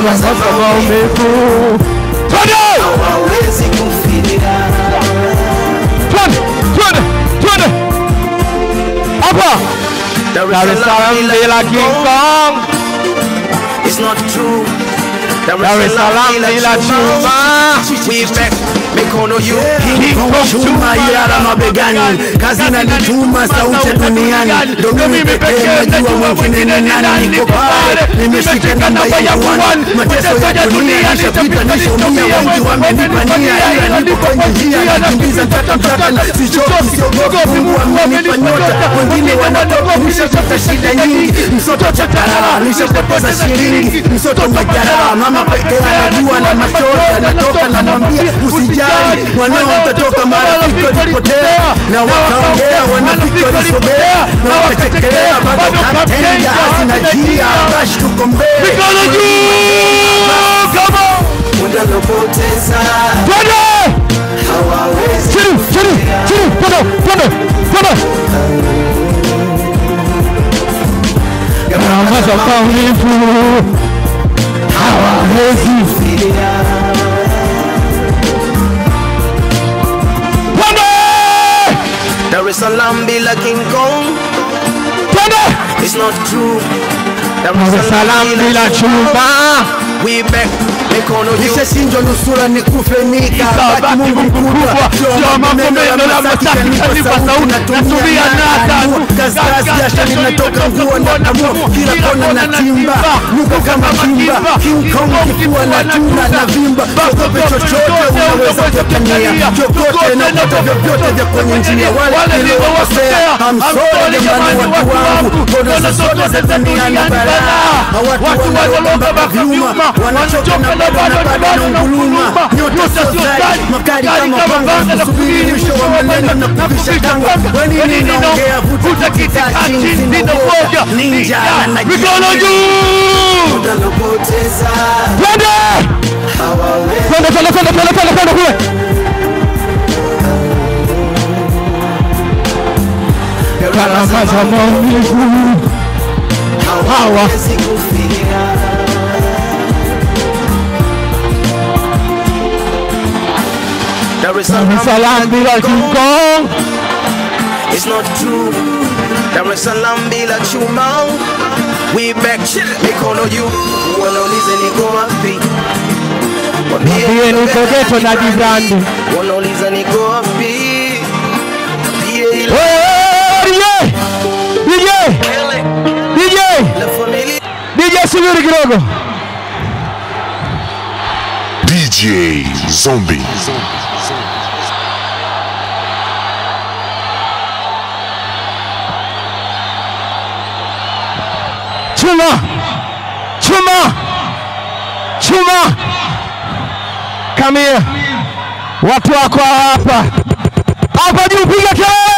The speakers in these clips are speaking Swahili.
There is masafa maupepo like King Kong. It's not true. There is Salaam be like Chuma. We back. mikono juu, chuma ilala mabegani, kazi na nituma sauti duniani, ndo mimi pekee najua mwingine ni nani. Niko pale nimeshika namba ya yawani, mateso ya dunia nishapita, nishaumia, wengi wamenipania, ila niko kwenye njia nakimbiza mpaka mpaka, na sichoki, siogopi, Mungu amenipa nyota. Wengine wanatoka, nishapata shida nyingi, msoto chakalala, nishapoteza shilingi, msoto majalala, mama pekee anajua na machozi anatoka, namwambia usijali Yaani, yaani, wanao watatoka marafiki walipotea na wakaongea wanafiki walisogea na wakatekelea bado katenda zinajia bashi tuko mbele mikono juu kama unalopoteza twende hawawezi chini chini chini twende twende twende kama mazokaunifu hawawezi is be like King Kong. It's not true. There is a lamb be like Chumba. we back mikono juu nishashinjwa nusura nikufe nikabaki Mungu mkubwa ndio mambo ya masaki kanipa sauti natumia nata kazi jasho linatoka nguo na damu kila kona na timba nuko kama kimba King Kong kikiwa na tuna na vimba kokope chochote unaweza kutania chokote na vyote vyote vya kwenye njia wale niliowasea hamsore jamani watu wangu mbona zote za dunia na balaa watu wanaolomba vyuma wanachoka na bado bado na nguluma, nyota sio tani, magari kama panga na kusubiri mwisho wa maneno na kuvisha tanga. Kwa nini naongea vuta kitikati, nina moja ninja na mikono juu, utanipoteza twende twende twende twende twende twende twende kule gharama za maumivu hawa There is a lamb like you, go. It's not true. There is a lamb like man. We back chill. They call you. Well, on is any go up be. Be any forget on that brand. is any go up be. Be DJ. DJ. DJ. DJ subir Grogo. DJ Zombie. chuma chuma chuma kamia watu wako hapa hapa juu piga kelele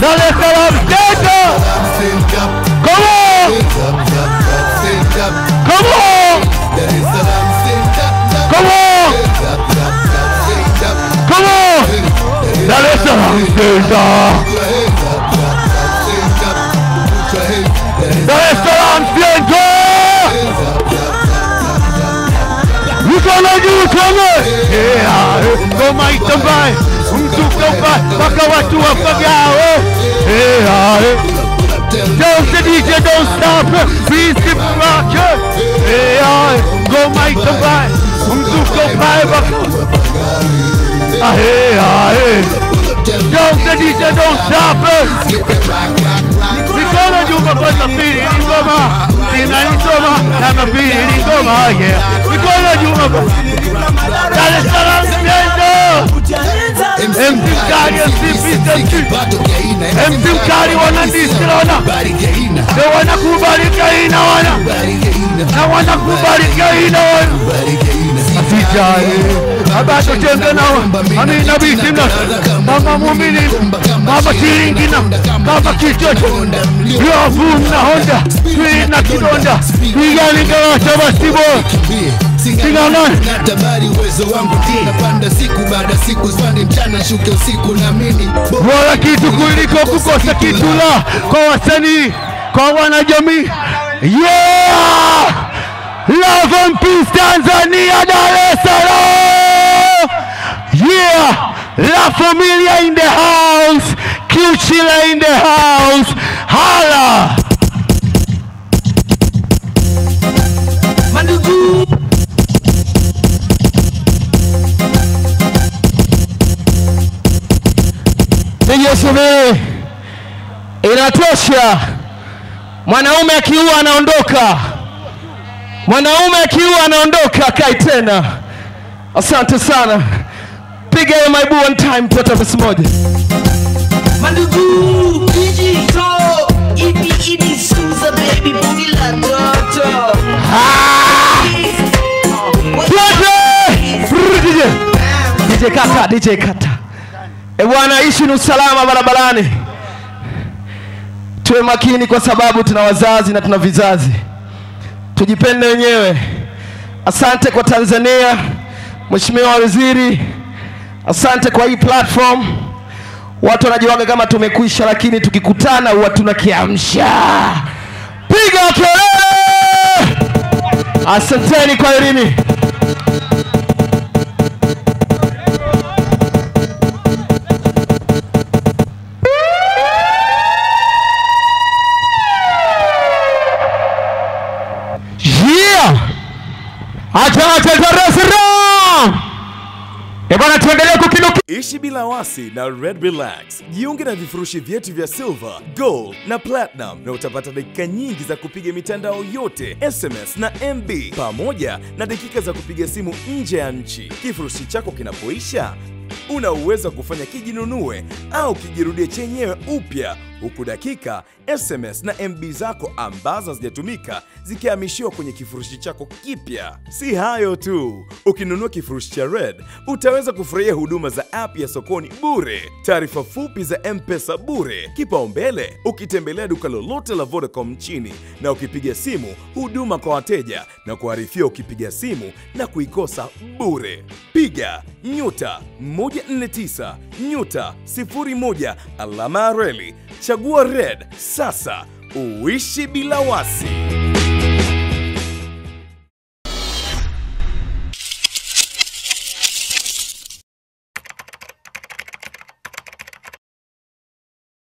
Now let's go up. Data. Come on. Come on. Come on. Come on. Now let's go up. Data. Now let's go up. Data. You can do it, come on. Yeah. Go, Mike, the bike mtukuka mpaka watu wapagao. Hey, hey. Tell the DJ don't stop, please keep rocking. Hey, hey. Go Mike the Bike, mzuko pae bako. Ahe, ahe. Tell the DJ don't stop. Nikola Juma kwa safiri ngoma, nina ngoma na mabiri ngoma, yeah. Nikola Juma kwa Dar es Salaam, yeah. MC Mkali wanandisi naona ndio wanakubariki aina wana na wanakubariki aina wana asijali baba tucheze nao amina bisimna mama muumini baba na baba kichocho yofu mna honda twina kidonda twigaligawasabasibo natabari uwezo wangu siku baada siku mchana shuke usiku bora kitu kuliko kukosa kitu la kwa wasanii kwa wanajamii yeah! Love and Peace Tanzania Dar es Salaam yeah! La familia in the house Kiuchila in the house Inatosha. Mwanaume akiua anaondoka, mwanaume akiua anaondoka. Kai tena. Asante sana, piga hiyo maibu one time, tuata vesi moja mandugu kijito idi idi suza baby buni la toto ah! DJ kata DJ eh, kata, Ebwana, ishi ni usalama barabarani Tuwe makini kwa sababu tuna wazazi na tuna vizazi. Tujipende wenyewe. Asante kwa Tanzania, Mheshimiwa Waziri, asante kwa hii platform. Watu wanajiwaga kama tumekwisha, lakini tukikutana huwa tunakiamsha. Piga kelele! Asanteni kwa elimu. Ebwana, eh, tuendelee kukinuki. Ishi bila wasi na Red Relax. Jiunge na vifurushi vyetu vya silver, gold na platinum na utapata dakika nyingi za kupiga mitandao yote, SMS na MB pamoja na dakika za kupiga simu nje ya nchi. Kifurushi chako kinapoisha, una uwezo wa kufanya kijinunue au kijirudie chenyewe upya huku dakika, SMS na MB zako ambazo hazijatumika zikihamishiwa kwenye kifurushi chako kipya. Si hayo tu, ukinunua kifurushi cha Red utaweza kufurahia huduma za app ya sokoni bure, taarifa fupi za mpesa bure, kipaumbele ukitembelea duka lolote la Vodacom nchini, na ukipiga simu huduma kwa wateja na kuharifia ukipiga simu na kuikosa bure. Piga nyuta 149 nyuta 01 alama reli Chagua Red sasa, uishi bila wasi.